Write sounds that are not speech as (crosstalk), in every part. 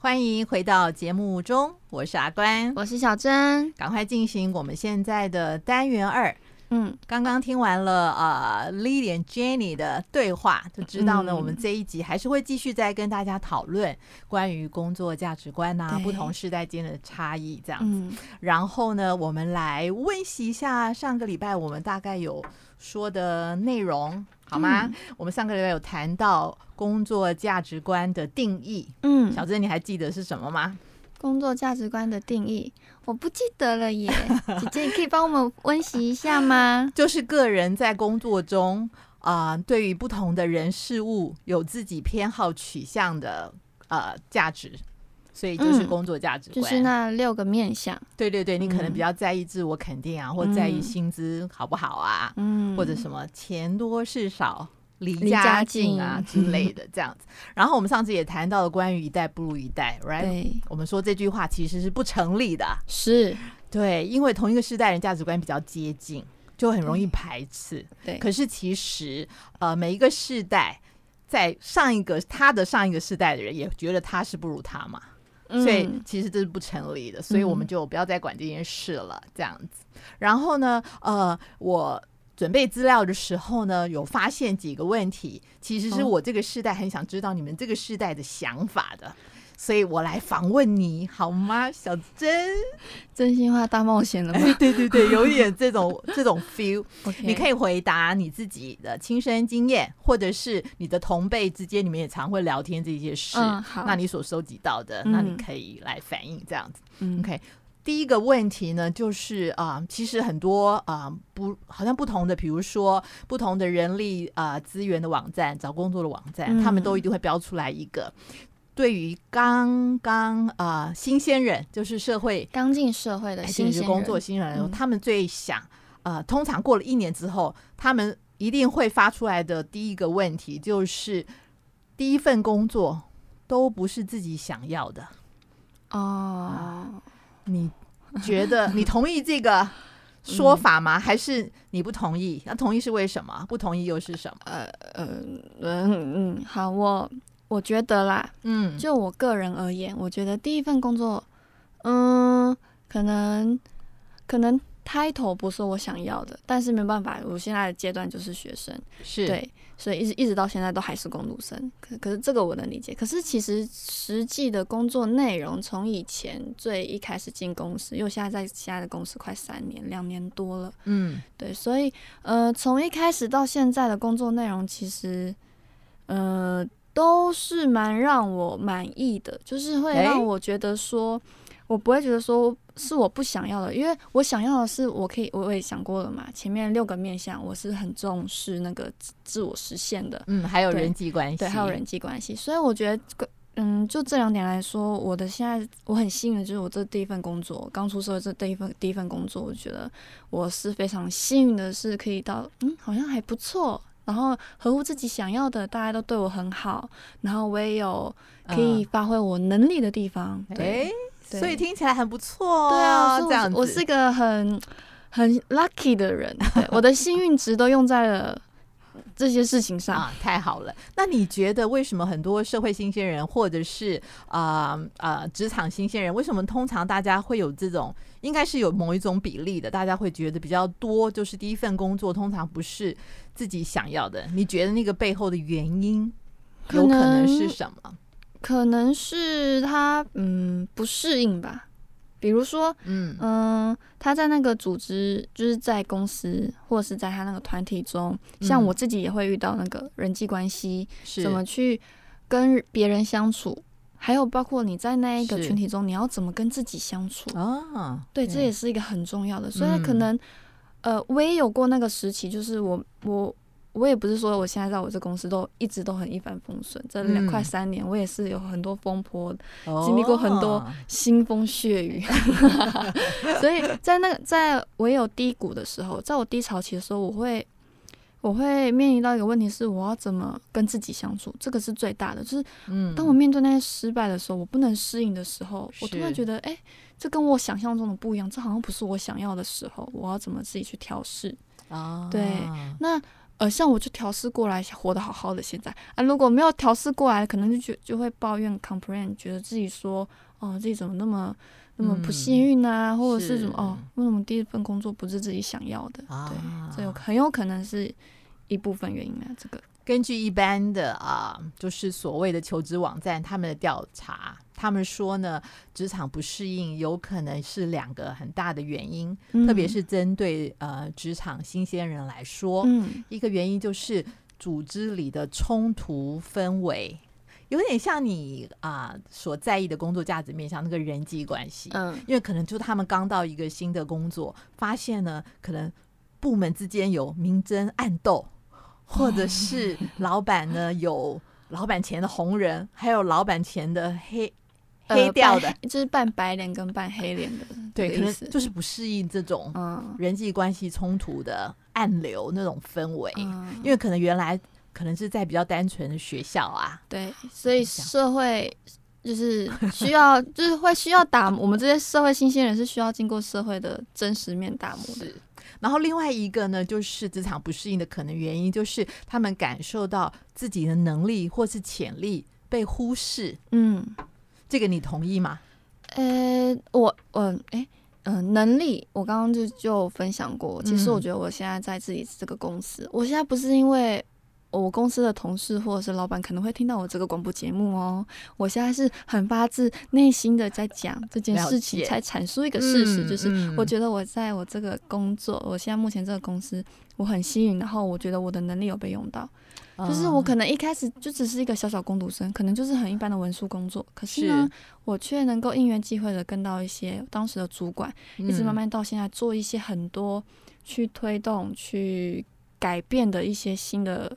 歡迎回到節目中，我是阿關，我是小珍，趕快進行我們現在的單元二。嗯，剛剛聽完了呃，Lily 和 Jenny 的對話，就知道呢、嗯，我們這一集還是會繼續再跟大家討論關於工作價值觀吶、啊，不同世代間的差異這樣子。嗯、然後呢，我們來溫習一下上個禮拜我們大概有說的內容。好嗎、嗯？我們上個禮拜有談到工作價值觀的定義，嗯，小珍，你還記得是什麼嗎？工作價值觀的定義我不記得了耶， (laughs) 姐姐你可以幫我們溫習一下嗎？就是個人在工作中啊、呃，對於不同的人事物有自己偏好取向的呃價值。所以就是工作價值觀、嗯，就是那六個面相。對對對，你可能比較在意自我肯定啊，嗯、或在意薪資好不好啊，嗯，或者什麼錢多事少、離家近啊，離家近啊之類的這樣子。 (laughs) 然後我們上次也談到了關於一代不如一代，right？對。我們說這句話其實是不成立的，是對，因為同一個世代的人價值觀比較接近，就很容易排斥。嗯、對，可是其實呃，每一個世代在上一個他的上一個世代的人也覺得他是不如他嘛。所以其實這是不成立的，所以我們就不要再管這件事了，這樣子。然後呢，呃，我準備資料的時候呢，有發現幾個問題，其實是我這個世代很想知道你們這個世代的想法的。所以我來訪問你好嗎，小真？真心話大冒險了嗎？欸，對對對有一點這種 (laughs) 這種 feel。Okay. 你可以回答你自己的親身經驗，或者是你的同輩之間，你們也常會聊天這些事。嗯、那你所收集到的，嗯、那你可以來反映這樣子。嗯，OK。第一個問題呢，就是啊、呃，其實很多啊、呃，不，好像不同的，比如說不同的人力啊呃、資源的網站，找工作的網站、嗯，他們都一定會標出來一個。對於剛剛啊、呃，新鮮人就是社會剛進社會的新鮮，新工作新鮮人、嗯，他們最想、呃、通常過了一年之後，他們一定會發出來的第一個問題就是，第一份工作都不是自己想要的哦、嗯。你覺得你同意這個說法嗎、嗯？還是你不同意？那同意是為什麼？不同意又是什麼？呃嗯、呃、嗯，好我、哦。我覺得啦，嗯，就我個人而言，我覺得第一份工作，嗯，可能可能 title 不是我想要的，但是沒辦法，我現在的階段就是學生，是，對，所以一直一直到現在都還是工讀生，可是可是這個我能理解。可是其實實際的工作內容，從以前最一開始進公司，因為現在在現在的公司快三年，兩年多了，嗯，對，所以呃，從一開始到現在的工作內容，其實，呃。都是蠻讓我滿意的，就是會讓我覺得說、欸，我不會覺得說是我不想要的，因為我想要的是我可以，我也想過了嘛。前面六個面向，我是很重視那個自我實現的，嗯，還有人際關係，對，還有人際關係。所以我覺得這個，嗯，就這兩點來說，我的現在我很幸運的就是我這第一份工作，剛出社會這第一份第一份工作，我覺得我是非常幸運的是可以到，嗯，好像還不錯。然後合乎自己想要的，大家都對我很好，然後我也有可以發揮我能力的地方，呃、對，誒對。所以聽起來很不錯哦。對啊，這樣子,我是一個很很 lucky 的人， (laughs) 我的幸運值都用在了。這些事情上，啊，太好了。那你覺得為什麼很多社會新鮮人，或者是啊啊、呃呃、職場新鮮人，為什麼通常大家會有這種，應該是有某一種比例的，大家會覺得比較多，就是第一份工作通常不是自己想要的？你覺得那個背後的原因有可能是什麼？可能，可能是他嗯不適應吧。比如說，嗯嗯、呃，他在那個組織，就是在公司或者是在他那個團體中，像我自己也會遇到那個人際關係、嗯，怎麼去跟別人相處，還有包括你在那一個群體中，你要怎麼跟自己相處，對，這也是一個很重要的，嗯。所以可能，呃，我也有過那個時期，就是我我。我也不是說我現在在我這公司都一直都很一帆風順，這兩快三年我也是有很多風波，嗯、經歷過很多腥風血雨，哦、 (laughs) 所以在那個在我有低谷的時候，在我低潮期的時候我，我會我會面臨到一個問題是我要怎麼跟自己相處，這個是最大的，就是當我面對那些失敗的時候，嗯、我不能適應的時候，我突然覺得哎、欸，這跟我想象中的不一樣，這好像不是我想要的時候，我要怎麼自己去調試啊？對，那。呃，像我就調適過來，活得好好的，現在啊，如果沒有調適過來，可能就就會抱怨 complain，覺得自己說，哦，自己怎麼那麼那麼不幸運啊、嗯，或者是什麼哦，為什麼第一份工作不是自己想要的？對，這很有可能是一部分原因啊。啊這個根據一般的啊，就是所謂的求職網站他們的調查。他們說呢，職場不適應有可能是兩個很大的原因，嗯、特別是針對呃職場新鮮人來說、嗯，一個原因就是組織裡的衝突氛圍，有點像你啊、呃、所在意的工作價值面向那個人際關係、嗯，因為可能就他們剛到一個新的工作，發現呢，可能部門之間有明爭暗鬥，或者是老闆呢、哦、有老闆前的紅人，還有老闆前的黑。呃、黑掉的，就是扮白臉跟扮黑臉的，對，這個、可能就是不適應這種人際關係衝突的暗流那種氛圍、嗯，因為可能原來可能是在比較單純的學校啊，對，所以社會就是需要， (laughs) 就是會需要打我們這些社會新鮮人是需要經過社會的真實面打磨的。然後另外一個呢，就是職場不適應的可能原因，就是他們感受到自己的能力或是潛力被忽視，嗯。這個你同意嗎？呃、欸，我，我，誒、欸，嗯、呃，能力，我剛剛就就分享過。其實我覺得我現在在自己這個公司，嗯、我現在不是因為我公司的同事或者是老闆可能會聽到我這個廣播節目哦。我現在是很發自內心的在講這件事情，才闡述一個事實，就是我覺得我在我這個工作，嗯嗯、我現在目前這個公司，我很幸運，然後我覺得我的能力有被用到。嗯、就是我可能一開始就只是一個小小工讀生，可能就是很一般的文書工作。可是呢，是我卻能夠因緣際會的跟到一些當時的主管、嗯，一直慢慢到現在做一些很多去推動、去改變的一些新的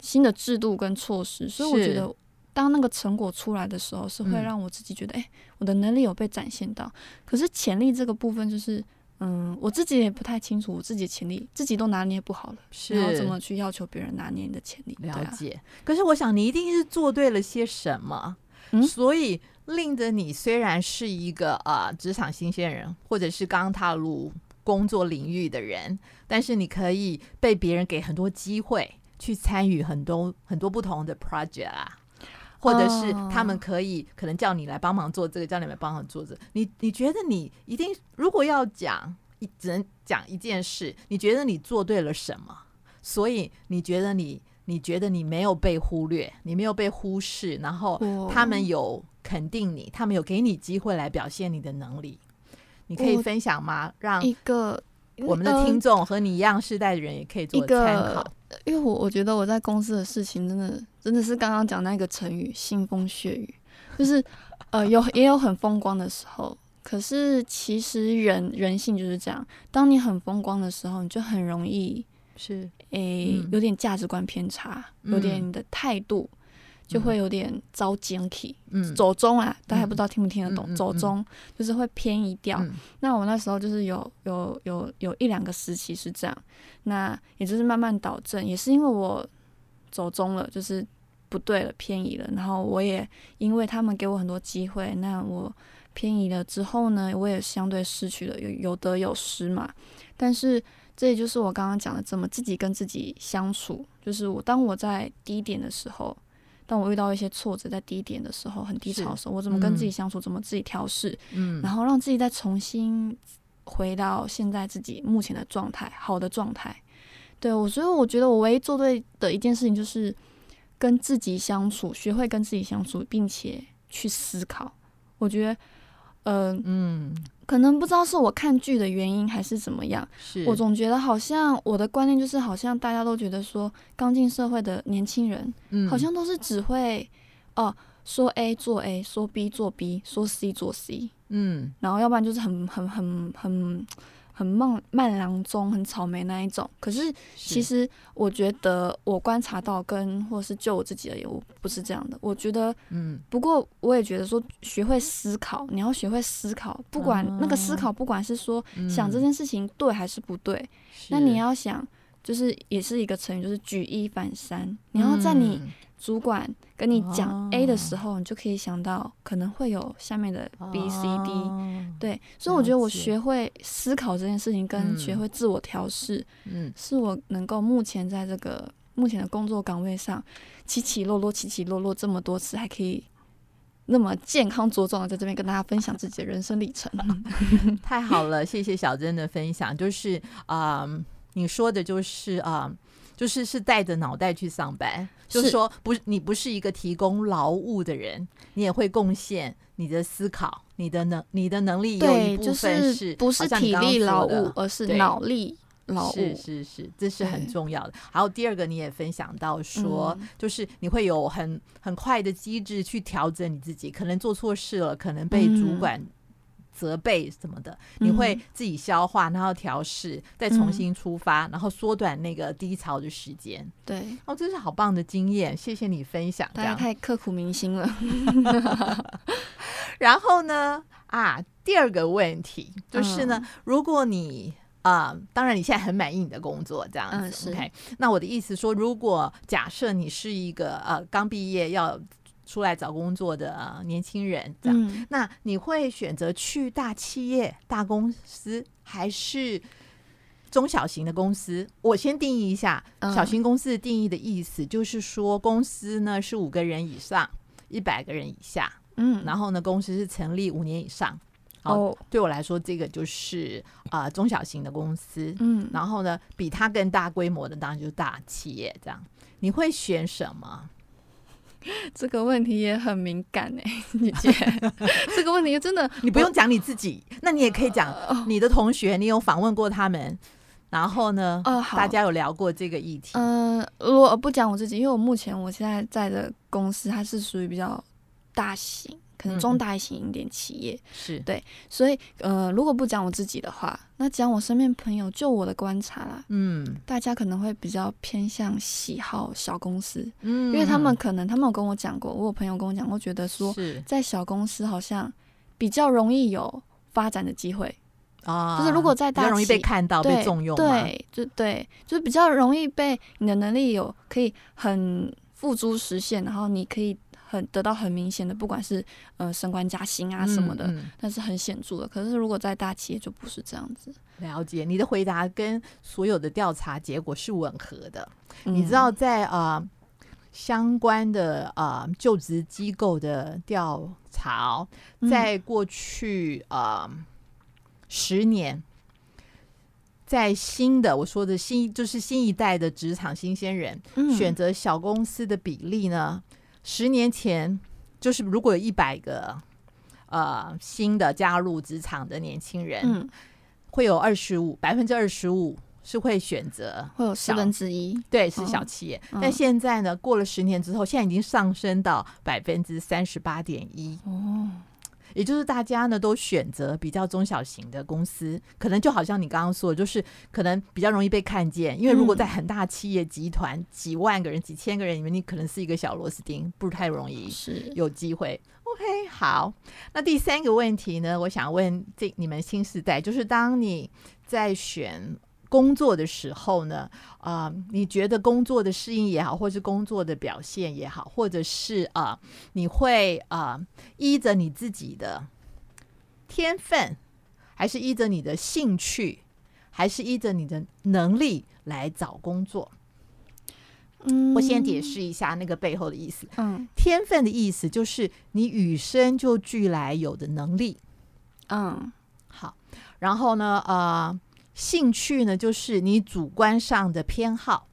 新的制度跟措施。所以我覺得，當那個成果出來的時候，是會讓我自己覺得，哎、嗯欸，我的能力有被展現到。可是潛力這個部分，就是。嗯，我自己也不太清楚，我自己潛力自己都拿捏不好了，然後怎麼去要求別人拿捏你的潛力？了解。啊、可是我想，你一定是做對了些什麼，嗯、所以令得你雖然是一個啊、呃、職場新鮮人，或者是剛踏入工作領域的人，但是你可以被別人給很多機會去參與很多很多不同的 project 啊。或者是他們可以、uh, 可能叫你來幫忙做這個，叫你們幫忙做這個。你你覺得你一定，如果要講，你只能講一件事，你覺得你做對了什麼？所以你覺得你你覺得你沒有被忽略，你沒有被忽視，然後他們有肯定你，他們有給你機會來表現你的能力，你可以分享嗎？讓一個我們的聽眾和你一樣世代的人也可以做個參考個個。因為我我覺得我在公司的事情真的。真的是剛剛講那個成語“腥風血雨”，就是，呃，有也有很風光的時候，可是其實人人性就是這樣，當你很風光的時候，你就很容易是誒、欸嗯、有點價值觀偏差，有點你的態度就會有點遭撿嗯，走鐘啊，大家不知道聽不聽得懂，嗯、走鐘就是會偏移掉、嗯嗯嗯。那我那時候就是有有有有，有一兩個時期是這樣，那也就是慢慢導正，也是因為我。走中了就是不對了，偏移了。然後我也因為他們給我很多機會，那我偏移了之後呢，我也相對失去了，有有得有失嘛。但是這也就是我剛剛講的，怎麼自己跟自己相處，就是我當我在低點的時候，當我遇到一些挫折在低點的時候，很低潮的時候，我怎麼跟自己相處，嗯、怎麼自己調適、嗯，然後讓自己再重新回到現在自己目前的狀態，好的狀態。對，所以我覺得我唯一做對的一件事情就是跟自己相處，學會跟自己相處，並且去思考。我覺得，嗯、呃、嗯，可能不知道是我看劇的原因還是怎麼樣，是我總覺得好像我的觀念就是好像大家都覺得說剛進社會的年輕人，好像都是只會、嗯、哦說 A 做 A，說 B 做 B，說 C 做 C，嗯，然後要不然就是很很很很很很很夢、慢郎中、很草莓，那一種。可是其實我覺得，我觀察到跟或是就我自己而言，我不是這樣的。我覺得，嗯，不過我也覺得說，學會思考，你要學會思考，不管那個思考，不管是說想這件事情對還是不對是，那你要想，就是也是一個成語，就是舉一反三。你要在你。嗯主管跟你講 A 的時候、哦，你就可以想到可能會有下面的 B、哦、C、D，對。所以我覺得我學會思考這件事情，跟學會自我調試，嗯，是我能夠目前在這個目前的工作崗位上起起落落、起起落落這麼多次，還可以那麼健康茁壯的在這邊跟大家分享自己的人生歷程、哦。 (laughs) 太好了，謝謝小珍的分享。就是啊、嗯，你說的就是啊。嗯就是是帶着腦袋去上班，是就是說，不，你不是一個提供勞務的人，你也會貢獻你的思考、你的能、你的能力有一部分是好像你剛剛說的，對，就是不是體力勞務，而是腦力勞務。是是是，這是很重要的。還有第二個，你也分享到說，嗯、就是你會有很很快的機制去調整你自己，可能做錯事了，可能被主管，嗯責備什麼的，你會自己消化，然後調試，再重新出發，嗯、然後縮短那個低潮的時間。對，哦，真是好棒的經驗，謝謝你分享。這樣太刻苦銘心刻骨銘心了。 (laughs) (laughs) 然後呢？啊，第二個問題就是呢，嗯、如果你啊、呃，當然你現在很滿意你的工作，這樣子、嗯、是，OK。那我的意思說，如果假設你是一個呃剛畢業要。出來找工作的年輕人，這樣、嗯，那你會選擇去大企業、大公司，還是中小型的公司？我先定義一下，嗯、小型公司的定義的意思就是說，公司呢是五個人以上，一百個人以下，嗯，然後呢，公司是成立五年以上。哦，對我來說，這個就是啊、呃、中小型的公司，嗯，然後呢，比它更大規模的當然就是大企業，這樣，你會選什麼？這個問題也很敏感呢、欸，你覺得？ (laughs) (laughs) 這個問題真的，你不用講你自己，那你也可以講你的同學，呃、你有訪問過他們，呃、然後呢、呃，大家有聊過這個議題。嗯、呃，我不講我自己，因為我目前我現在在的公司，它是屬於比較大型，可能中大型一點企業、嗯、是對，所以呃，如果不講我自己的話，那講我身邊朋友，就我的觀察啦，嗯，大家可能會比較偏向喜好小公司，嗯，因為他們可能他們有跟我講過，我有朋友跟我講過，我覺得說，在小公司好像比較容易有發展的機會啊，就是如果在大企比較容易被看到、被重用，對，對，就對，就是比較容易被你的能力有可以很付諸實現，然後你可以。很得到很明顯的，不管是呃升官加薪啊什麼的，但是很顯著的。可是如果在大企業就不是這樣子。了解，你的回答跟所有的調查結果是吻合的。嗯、你知道在啊、呃、相關的啊、呃、就職機構的調查，在過去啊、呃嗯、十年，在新的，我說的新就是新一代的職場新鮮人、嗯、選擇小公司的比例呢？十年前，就是如果有一百個呃新的加入職場的年輕人，嗯，會有二十五，百分之二十五是會選擇，會有十分之一，對，是小企業，哦。但現在呢，過了十年之後，現在已經上升到百分之三十八點一。哦。也就是大家呢都選擇比較中小型的公司，可能就好像你剛剛說的，就是可能比較容易被看見，因為如果在很大企業集團、嗯、幾萬個人、幾千個人裡面，你可能是一個小螺絲釘，不太容易有機會。OK，好，那第三個問題呢，我想問這你們新世代，就是當你在選工作的時候呢，啊、呃，你覺得工作的適應也好，或者是工作的表現也好，或者是啊、呃，你會啊、呃，依着你自己的天分，還是依着你的興趣，還是依着你的能力來找工作？嗯，我先解釋一下那個背後的意思。嗯，天分的意思就是你與生就俱來有的能力。嗯，好，然後呢，呃。興趣呢，就是你主觀上的偏好，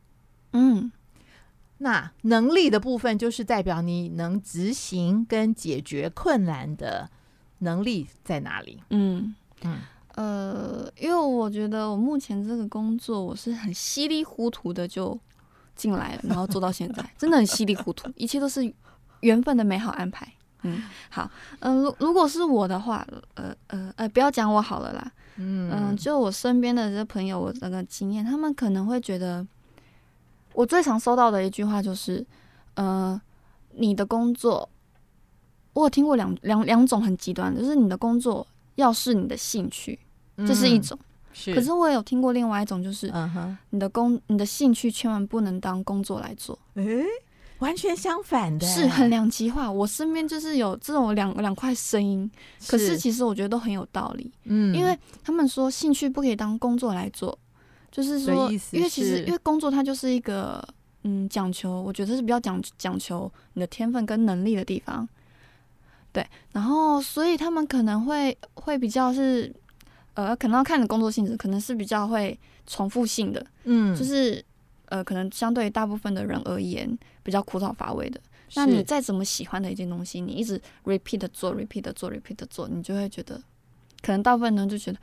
嗯，那能力的部分就是代表你能執行跟解決困難的能力在哪裡？嗯嗯呃，因為我覺得我目前這個工作我是很稀里糊塗的就進來了，然後做到現在，真的很稀里糊塗， (laughs) 一切都是緣分的美好安排。嗯，嗯，好，嗯、呃，如如果是我的話，呃呃呃，呃，不要講我好了啦。嗯、呃，就我身邊的這些朋友，我那個經驗，他們可能會覺得，我最常收到的一句話就是，呃，你的工作，我有聽過兩兩兩種很極端的，就是你的工作要是你的興趣，這、嗯，就是一種，是，可是我也有聽過另外一種，就是、uh-huh，你的工你的興趣千萬不能當工作來做，欸完全相反的是很兩極化，我身邊就是有這種兩兩塊聲音，可是其實我覺得都很有道理，嗯，因為他們說興趣不可以當工作來做，就是說，是因為其實因為工作它就是一個嗯講求，我覺得是比較講講求你的天分跟能力的地方，對，然後所以他們可能會會比較是呃，可能要看你的工作性質，可能是比較會重複性的，嗯，就是。呃，可能相對於大部分的人而言，比較枯燥乏味的。那你再怎麼喜歡的一件東西，你一直 repeat 做，repeat 做，repeat 做，你就會覺得，可能大部分人就覺得，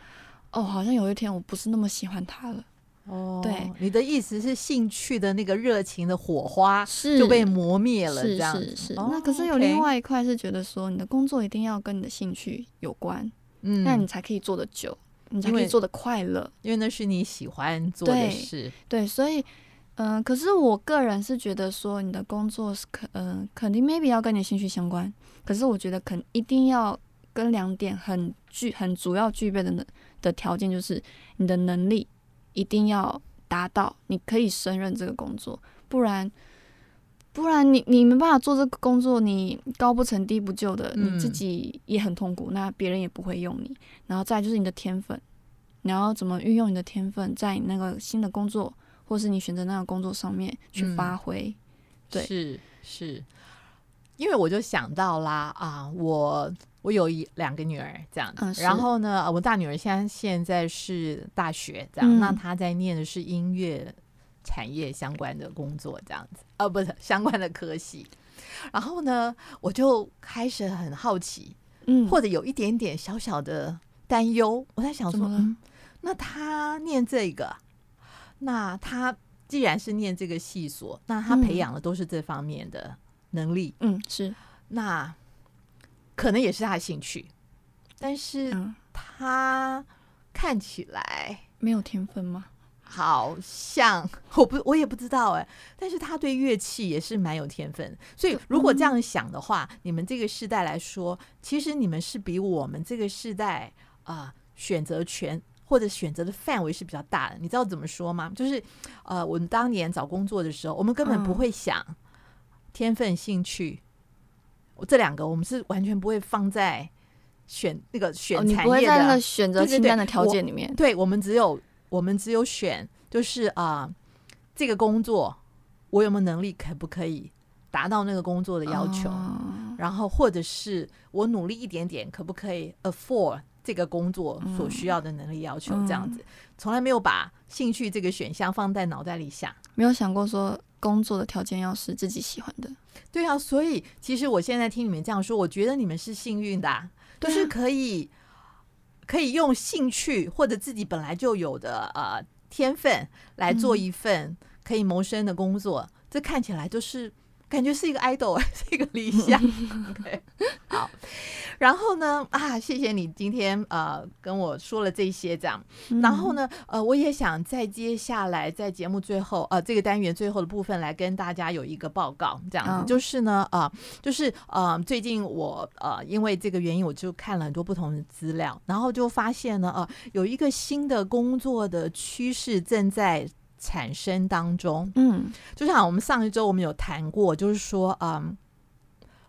哦，好像有一天我不是那麼喜歡他了。哦，對，你的意思是興趣的那個熱情的火花就被磨滅了，這樣子。是是，是，是哦，那可是有另外一塊是覺得說，你的工作一定要跟你的興趣有關，嗯，那你才可以做得久，你才可以做得快樂，因為那是你喜歡做的事。對，對，所以。嗯、呃，可是我個人是覺得說，你的工作是肯，嗯、呃，肯定 maybe 要跟你興趣相關。可是我覺得肯一定要跟兩點很具、很主要具備的能的條件，就是你的能力一定要達到，你可以勝任這個工作，不然不然你你沒辦法做這個工作，你高不成低不就的，嗯、你自己也很痛苦，那別人也不會用你。然後再就是你的天分，你要怎麼運用你的天分，在你那個新的工作。或是你選擇那個工作上面去發揮、嗯，對，是是因為我就想到啦啊，我我有一兩個女兒這樣子、嗯，然後呢，我大女兒現在現在是大學這樣，嗯、那她在念的是音樂產業相關的工作這樣子，呃、啊，不是相關的科系，然後呢，我就開始很好奇，嗯、或者有一點點小小的擔憂，我在想說，嗯、那她念這個。那他既然是念這個系所，那他培養的都是這方面的能力。嗯，是，那可能也是他的興趣，但是他看起來沒有天分嗎？好像我不，我也不知道哎。但是他對樂器也是蠻有天分，所以如果這樣想的話，嗯、你們這個世代來說，其實你們是比我們這個世代啊、呃、選擇權。或者選擇的範圍是比較大的，你知道怎麼說嗎？就是，呃，我們當年找工作的時候，我們根本不會想天分、oh. 天分興趣我這兩個，我們是完全不會放在選那個選的、oh, 你不會在那個選擇清單的條件裡面。對，對，我，對我們只有我們只有選，就是啊、呃，這個工作我有沒有能力，可不可以達到那個工作的要求？Oh. 然後或者是我努力一點點，可不可以 afford？這個工作所需要的能力要求，嗯嗯、這樣子，從來沒有把興趣這個選項放在腦袋裡想，沒有想過說工作的條件要是自己喜歡的。對啊，所以其實我現在聽你們這樣說，我覺得你們是幸運的、啊啊，就是可以可以用興趣或者自己本來就有的呃天分來做一份可以謀生的工作、嗯，這看起來就是感覺是一個愛豆，是一個理想。嗯、OK， (laughs) 好。然後呢啊，謝謝你今天呃跟我說了這些這樣，嗯、然後呢呃我也想在接下來在節目最後呃這個單元最後的部分來跟大家有一個報告這樣子、哦，就是呢啊、呃、就是呃最近我呃因為這個原因我就看了很多不同的資料，然後就發現呢呃，有一個新的工作的趨勢正在產生當中，嗯，就像我們上一周我們有談過，就是說啊。呃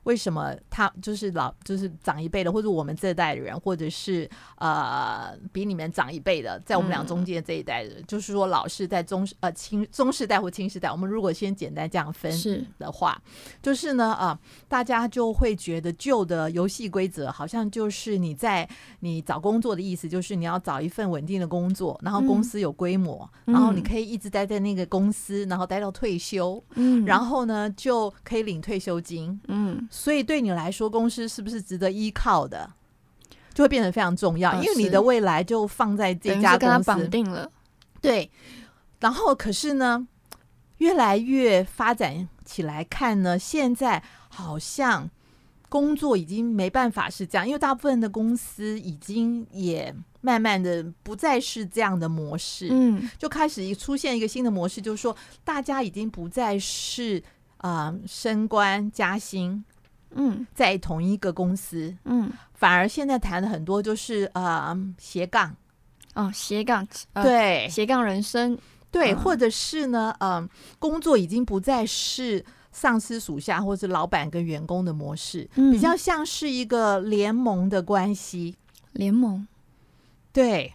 為什麼他就是老就是長一輩的，或者我們這代的人，或者是呃比你們長一輩的，在我們倆中間這一代的人，嗯，就是說老是在中呃中世代或青世代。我們如果先簡單這樣分是的話是，就是呢啊，呃，大家就會覺得舊的遊戲規則好像就是你在你找工作的意思就是你要找一份穩定的工作，然後公司有規模，嗯，然後你可以一直待在那個公司，然後待到退休，嗯，然後呢就可以領退休金，嗯。所以對你來說，公司是不是值得依靠的，就會變得非常重要。因為你的未來就放在這家公司、呃、綁定了。對，然後可是呢，越來越發展起來看呢，現在好像工作已經沒辦法是這樣，因為大部分的公司已經也慢慢的不再是這樣的模式。嗯，就開始一出現一個新的模式，就是說大家已經不再是啊、呃、升官加薪。嗯，在同一個公司，嗯，反而現在談的很多就是呃斜槓，哦斜槓，呃、對斜槓人生，對，嗯、或者是呢，嗯、呃，工作已經不再是上司屬下或是老板跟員工的模式，嗯，比較像是一個聯盟的關係，聯盟，對。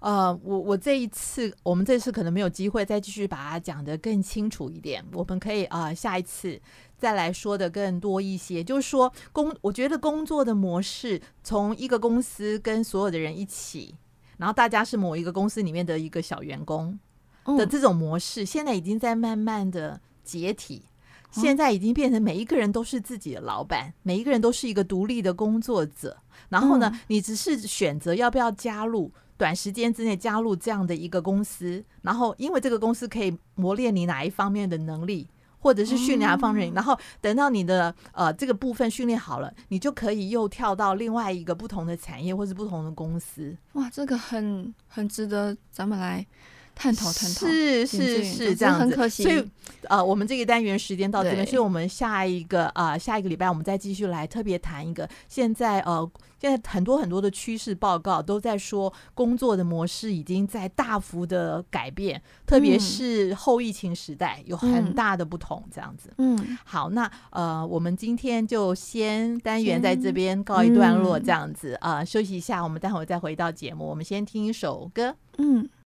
呃，我我這一次，我們這次可能沒有機會再繼續把它講得更清楚一點。我們可以啊、呃，下一次再來說的更多一些。就是說，工我覺得工作的模式，從一個公司跟所有的人一起，然後大家是某一個公司裡面的一個小員工的這種模式，嗯、現在已經在慢慢的解體。現在已經變成每一個人都是自己的老闆，每一個人都是一個獨立的工作者。然後呢，嗯、你只是選擇要不要加入，短時間之內加入這樣的一個公司。然後，因為這個公司可以磨練你哪一方面的能力，或者是訓練哪方面、嗯。然後等到你的呃這個部分訓練好了，你就可以又跳到另外一個不同的產業或是不同的公司。哇，這個很很值得咱們來探討探討，是是是這樣子，嗯、很可惜。所以呃，我們這個單元時間到這邊，所以我們下一個啊、呃、下一個禮拜我們再繼續來特別談一個。現在呃現在很多很多的趨勢報告都在說，工作的模式已經在大幅的改變，特別是後疫情時代有很大的不同這樣子。嗯，嗯，好，那呃我們今天就先單元在這邊告一段落這樣子啊、嗯呃，休息一下，我們待會再回到節目，我們先聽一首歌。嗯。